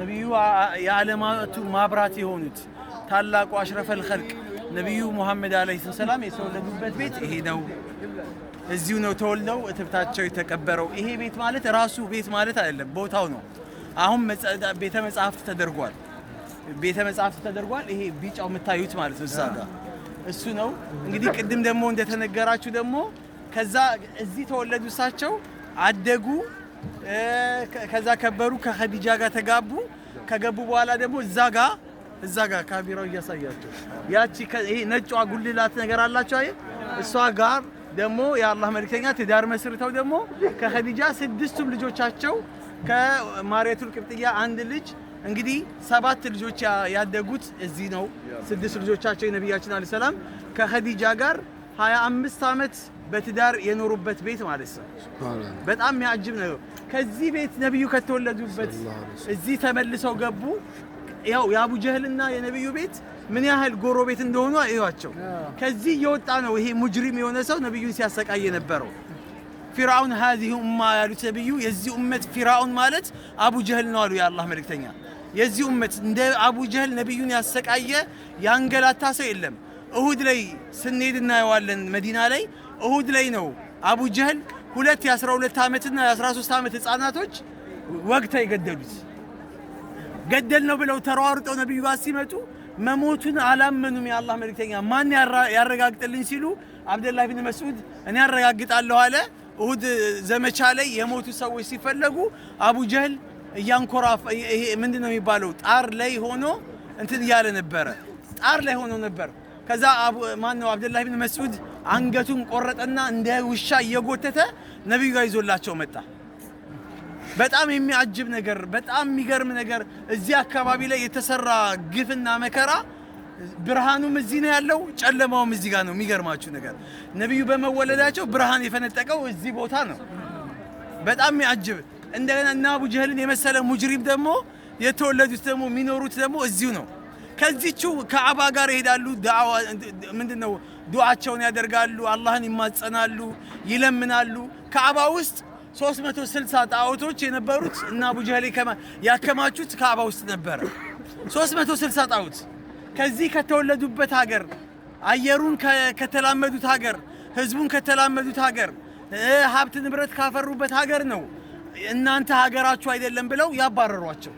ነቢዩ የዓለማቱ ማብራት የሆኑት ታላቁ አሽረፈል ኸልቅ ነቢዩ ሙሐመድ ዓለይሂ ሰላም የተወለዱበት ቤት ይሄ ነው። እዚሁ ነው ተወልደው እትብታቸው የተቀበረው። ይሄ ቤት ማለት ራሱ ቤት ማለት አይደለም፣ ቦታው ነው። አሁን ቤተ መጽሐፍት ተደርጓል፣ ቤተ መጽሐፍት ተደርጓል። ይሄ ቢጫው የምታዩት ማለት ነው፣ እዛ ጋር እሱ ነው። እንግዲህ ቅድም ደግሞ እንደተነገራችሁ ደግሞ ከዛ እዚህ ተወለዱ እሳቸው አደጉ። ከዛ ከበሩ ከኸዲጃ ጋር ተጋቡ። ከገቡ በኋላ ደግሞ እዛ ጋ እዛ ጋ ካሜራው እያሳያቸው ያቺ ይሄ ነጯ ጉልላት ነገር አላቸው። አይ እሷ ጋር ደግሞ የአላህ መልክተኛ ትዳር መስርተው ደግሞ ከኸዲጃ ስድስቱም ልጆቻቸው ከማሬቱ ቅብጥያ አንድ ልጅ እንግዲህ ሰባት ልጆች ያደጉት እዚህ ነው። ስድስት ልጆቻቸው የነቢያችን አለይሂ ሰላም ከኸዲጃ ጋር 25 ዓመት በትዳር የኖሩበት ቤት ማለት ነው። በጣም የሚያጅብ ነው። ከዚህ ቤት ነቢዩ ከተወለዱበት እዚህ ተመልሰው ገቡ። ያው የአቡ ጀህልና የነቢዩ ቤት ምን ያህል ጎሮ ቤት እንደሆኑ እዩዋቸው። ከዚህ እየወጣ ነው ይሄ ሙጅሪም የሆነ ሰው ነቢዩን ሲያሰቃይ የነበረው። ፊርዓውን ሀዚህ ኡማ ያሉት ነቢዩ የዚህ ኡመት ፊርዓውን ማለት አቡ ጀህል ነው አሉ የአላህ መልእክተኛ። የዚህ ኡመት እንደ አቡ ጀህል ነቢዩን ያሰቃየ ያንገላታ ሰው የለም። እሁድ ላይ ስንሄድ እናየዋለን። መዲና ላይ እሁድ ላይ ነው አቡ ጀህል ሁለት የ12 ዓመትና የ13 ዓመት ህፃናቶች ወግታ የገደሉት ገደል ነው ብለው ተሯሩጠው ነቢዩ ጋር ሲመጡ መሞቱን አላመኑም። የአላህ መልእክተኛ ማን ያረጋግጥልኝ ሲሉ አብደላህ ብን መስዑድ እኔ ያረጋግጣለሁ አለ። እሁድ ዘመቻ ላይ የሞቱ ሰዎች ሲፈለጉ አቡ ጀህል እያንኮራፍ ምንድን ነው የሚባለው ጣር ላይ ሆኖ እንትን እያለ ነበረ። ጣር ላይ ሆኖ ነበር። ከዛ ማን ነው አብደላህ ብን መስዑድ አንገቱን ቆረጠና እንደ ውሻ እየጎተተ ነቢዩ ጋር ይዞላቸው መጣ። በጣም የሚያጅብ ነገር፣ በጣም የሚገርም ነገር። እዚህ አካባቢ ላይ የተሰራ ግፍና መከራ ብርሃኑም እዚህ ነው ያለው፣ ጨለማውም እዚህ ጋር ነው። የሚገርማችሁ ነገር ነቢዩ በመወለዳቸው ብርሃን የፈነጠቀው እዚህ ቦታ ነው። በጣም የሚያጅብ እንደገና እና አቡ ጀህልን የመሰለ ሙጅሪም ደግሞ የተወለዱት ደግሞ የሚኖሩት ደግሞ እዚሁ ነው። ከዚቹ ከአባ ጋር ይሄዳሉ። ምንድን ነው ዱዓቸውን ያደርጋሉ፣ አላህን ይማጸናሉ፣ ይለምናሉ። ካዕባ ውስጥ 360 ጣዖቶች የነበሩት እና ጀህል ያከማቹት ካዕባ ውስጥ ነበረ። 360 ጣዖት ከዚህ ከተወለዱበት ሀገር፣ አየሩን ከተላመዱት ሀገር፣ ህዝቡን ከተላመዱት ሀገር፣ ሀብት ንብረት ካፈሩበት ሀገር ነው እናንተ ሀገራችሁ አይደለም ብለው ያባረሯቸው።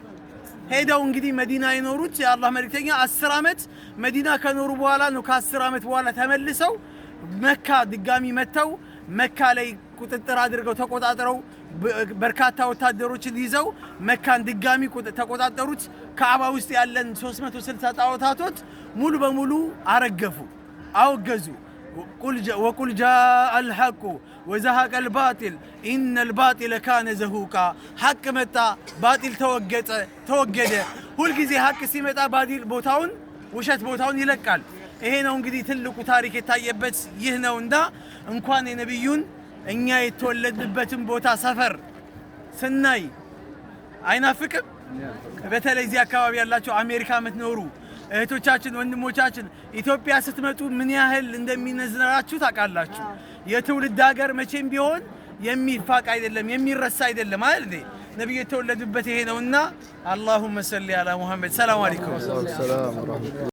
ሄደው እንግዲህ መዲና የኖሩት የአላህ መልእክተኛ አስር ዓመት መዲና ከኖሩ በኋላ ነው ከአስር ዓመት በኋላ ተመልሰው መካ ድጋሚ መጥተው መካ ላይ ቁጥጥር አድርገው ተቆጣጥረው በርካታ ወታደሮችን ይዘው መካን ድጋሚ ተቆጣጠሩት። ከአባ ውስጥ ያለን 360 ጣዖታቶች ሙሉ በሙሉ አረገፉ፣ አወገዙ። ወቁል ጃአ አልሐቁ ወዘሀቀ አልባጢል ኢነል ባጢለ ካነ ዘሁቃ። ሐቅ መጣ፣ ባጢል ተወገጠ ተወገደ። ሁልጊዜ ሐቅ ሲመጣ ባጢል ቦታውን ውሸት ቦታውን ይለቃል። ይሄ ነው እንግዲህ ትልቁ ታሪክ የታየበት ይህ ነው እና እንኳን የነቢዩን እኛ የተወለድንበትን ቦታ ሰፈር ስናይ አይናፍቅም። በተለይ እዚህ አካባቢ ያላቸው አሜሪካ የምትኖሩ እህቶቻችን ወንድሞቻችን ኢትዮጵያ ስትመጡ ምን ያህል እንደሚነዝራችሁ ታውቃላችሁ። የትውልድ ሀገር መቼም ቢሆን የሚፋቅ አይደለም፣ የሚረሳ አይደለም አይደል እንዴ? የተወለዱበት ይሄ ነውና፣ አላሁመ ሰሊ አላ ሙሐመድ። ሰላም አለይኩም።